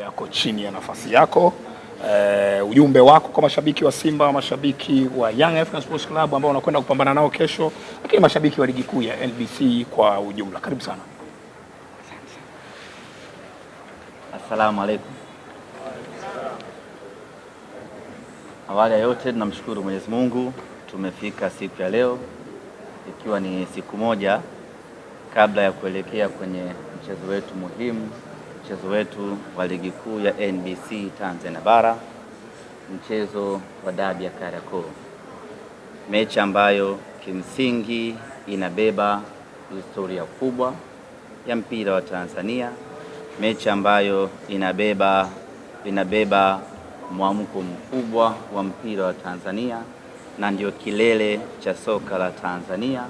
yako chini ya nafasi yako. Uh, ujumbe wako kwa mashabiki wa Simba, mashabiki wa Young African Sports Club ambao wanakwenda kupambana nao kesho, lakini mashabiki wa ligi kuu ya NBC kwa ujumla, karibu sana. Assalamu alaikum. Awali ya yote tunamshukuru Mwenyezi Mungu, tumefika siku ya leo ikiwa ni siku moja kabla ya kuelekea kwenye mchezo wetu muhimu mchezo wetu wa ligi kuu ya NBC Tanzania Bara, mchezo wa dabi ya Kariakoo, mechi ambayo kimsingi inabeba historia kubwa ya mpira wa Tanzania, mechi ambayo inabeba inabeba mwamko mkubwa wa mpira wa Tanzania na ndio kilele cha soka la Tanzania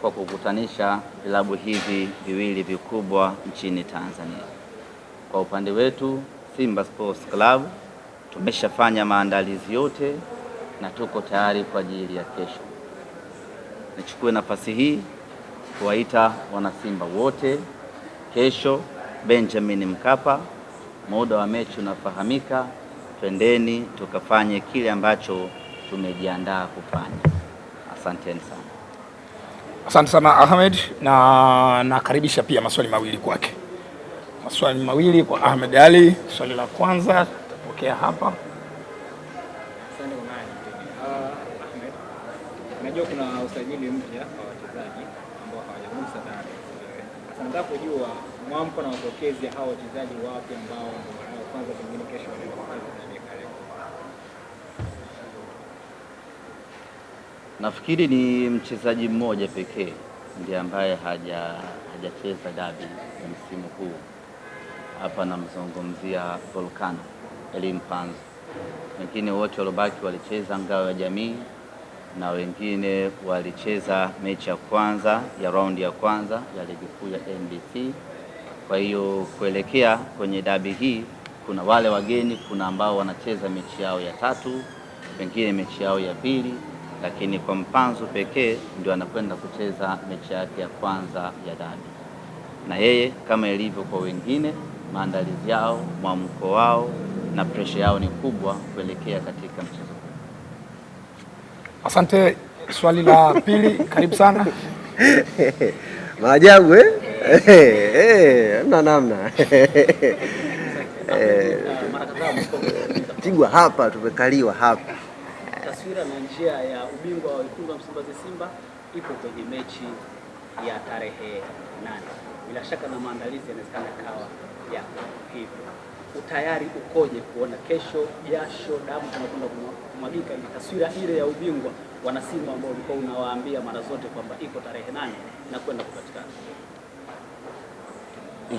kwa kukutanisha vilabu hivi viwili vikubwa nchini Tanzania. Kwa upande wetu Simba Sports Club tumeshafanya maandalizi yote na tuko tayari kwa ajili ya kesho. Nichukue nafasi hii kuwaita wanasimba wote kesho Benjamin Mkapa, muda wa mechi unafahamika. Twendeni tukafanye kile ambacho tumejiandaa kufanya. Asanteni sana. Asante sana Ahmed, na nakaribisha pia maswali mawili kwake maswali mawili kwa Ahmed Ali. Swali la kwanza tutapokea hapa. Uh, najua kuna usajili mpya wa wachezaji ambao hawajagusa ndani. Sasa nataka kujua mwamko na mapokezi ya hao wachezaji wapi ambao kwanza pengine kesho Nafikiri ni mchezaji mmoja pekee ndiye ambaye hajacheza dabi ya msimu huu hapa namzungumzia Volcano Elim Panzu. Wengine wote waliobaki walicheza ngao ya jamii na wengine walicheza mechi ya kwanza ya raundi ya kwanza ya ligi kuu ya NBC. Kwa hiyo kuelekea kwenye dabi hii, kuna wale wageni, kuna ambao wanacheza mechi yao ya tatu, wengine mechi yao ya pili, lakini kwa mpanzo pekee ndio anakwenda kucheza mechi yake ya kwanza ya dabi, na yeye kama ilivyo kwa wengine maandalizi yao, mwamko wao na presha yao ni kubwa kuelekea katika mchezo huu. Asante. Swali la pili, karibu sana. Maajabu eh? na namna. Pigwa hapa, tumekaliwa hapa. Taswira na njia ya ubingwa wa wa Msimbazi Simba ipo kwenye mechi ya tarehe nane bila shaka na maandalizi yanawezekana kawa ya hivyo. Utayari ukoje kuona kesho jasho damu tunakwenda kumwagika, ili taswira ile ya ubingwa wanasimba ambao ulikuwa unawaambia mara zote kwamba iko tarehe nane na kwenda kupatikana?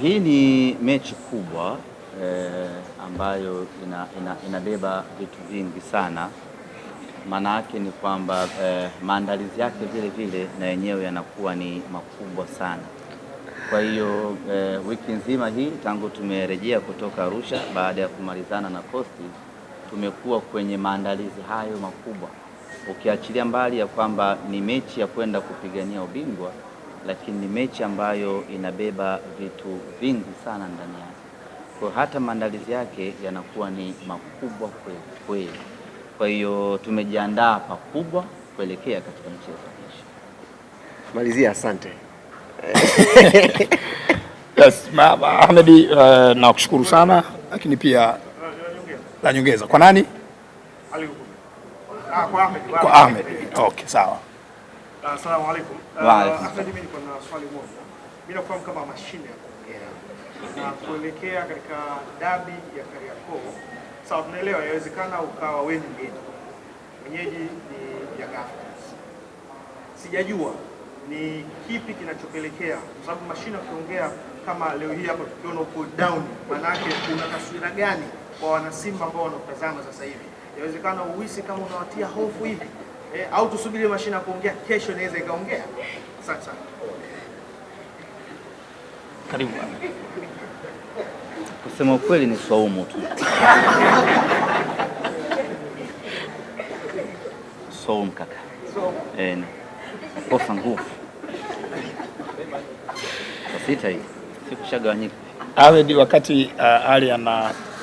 Hii ni mechi kubwa eh, ambayo inabeba ina, ina vitu vingi sana. Maana yake ni kwamba eh, maandalizi yake vile vile na yenyewe yanakuwa ni makubwa sana kwa hiyo e, wiki nzima hii tangu tumerejea kutoka Arusha baada ya kumalizana na kosti tumekuwa kwenye maandalizi hayo makubwa, ukiachilia mbali ya kwamba ni mechi ya kwenda kupigania ubingwa, lakini ni mechi ambayo inabeba vitu vingi sana ndani yake. Kwa hata maandalizi yake yanakuwa ni makubwa kweli kweli. Kwa hiyo tumejiandaa pakubwa kuelekea katika mchezo wa kesho. Malizia, asante. Yes, Ahmed, uh, nakushukuru sana lakini pia la nyongeza kwa nani? Ah, kwa Ahmed. Okay, sawa. Asalamu ah, alaykum. Ah, Ahmed, mimi niko na swali moja. Mimi nafahamu kama mashine ya kuongea na kuelekea katika dabi ya Kariakoo. Sawa, tunaelewa inawezekana ukawa wewe ni mgeni. Mwenyeji ni Young Sijajua ni kipi kinachopelekea, kwa sababu mashine ukiongea kama leo hii hapa tukiona uko down, manake una taswira gani kwa wanasimba ambao wanakutazama sasa hivi? Inawezekana uhisi kama unawatia hofu hivi eh, au tusubiri mashine ya kuongea kesho, inaweza ikaongea. Asante sana, karibu. Kusema ukweli ni swaumu tu swaumu kaka, so, eh, nguvu sita hii sikushagawanyika. Ahmed wakati uh, Ali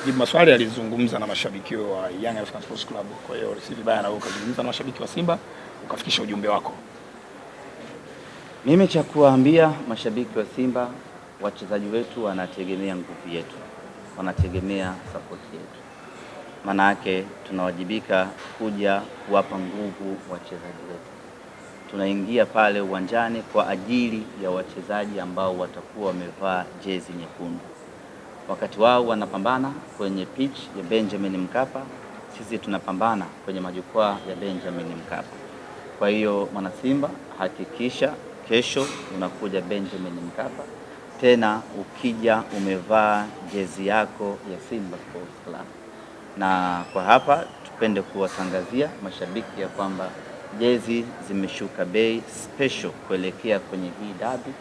jibu maswali alizungumza na mashabiki wa Young African Sports Club, kwa hiyo si vibaya na wewe ukazungumza na mashabiki wa Simba ukafikisha ujumbe wako. Mimi cha kuwaambia mashabiki wa Simba, wachezaji wetu wanategemea nguvu yetu, wanategemea sapoti yetu, maana yake tunawajibika kuja kuwapa nguvu wachezaji wetu tunaingia pale uwanjani kwa ajili ya wachezaji ambao watakuwa wamevaa jezi nyekundu. Wakati wao wanapambana kwenye pitch ya Benjamin Mkapa, sisi tunapambana kwenye majukwaa ya Benjamin Mkapa. Kwa hiyo mwanasimba, hakikisha kesho unakuja Benjamin Mkapa, tena ukija umevaa jezi yako ya Simba Sports Club. Na kwa hapa tupende kuwatangazia mashabiki ya kwamba jezi zimeshuka bei special kuelekea kwenye hii dabi,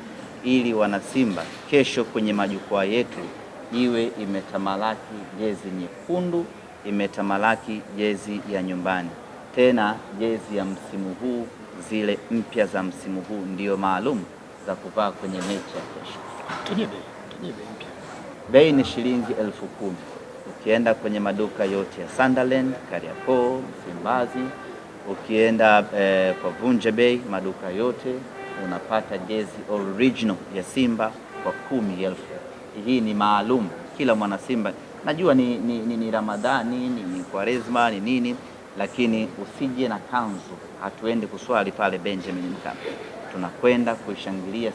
ili wanasimba kesho kwenye majukwaa yetu iwe imetamalaki jezi nyekundu, imetamalaki jezi ya nyumbani, tena jezi ya msimu huu, zile mpya za msimu huu ndiyo maalum za kuvaa kwenye mechi ya kesho. bei, Bei ni shilingi elfu kumi ukienda kwenye maduka yote ya Sunderland, Kariakoo, Msimbazi Ukienda eh, kwa Vunja Bei maduka yote unapata jezi original ya Simba kwa kumi elfu. Hii ni maalum kila mwana Simba, najua ni, ni, ni, ni Ramadhani ni, ni Kwaresma ni nini, lakini usije na kanzu. Hatuendi kuswali pale Benjamin Mkapa, tunakwenda kuishangilia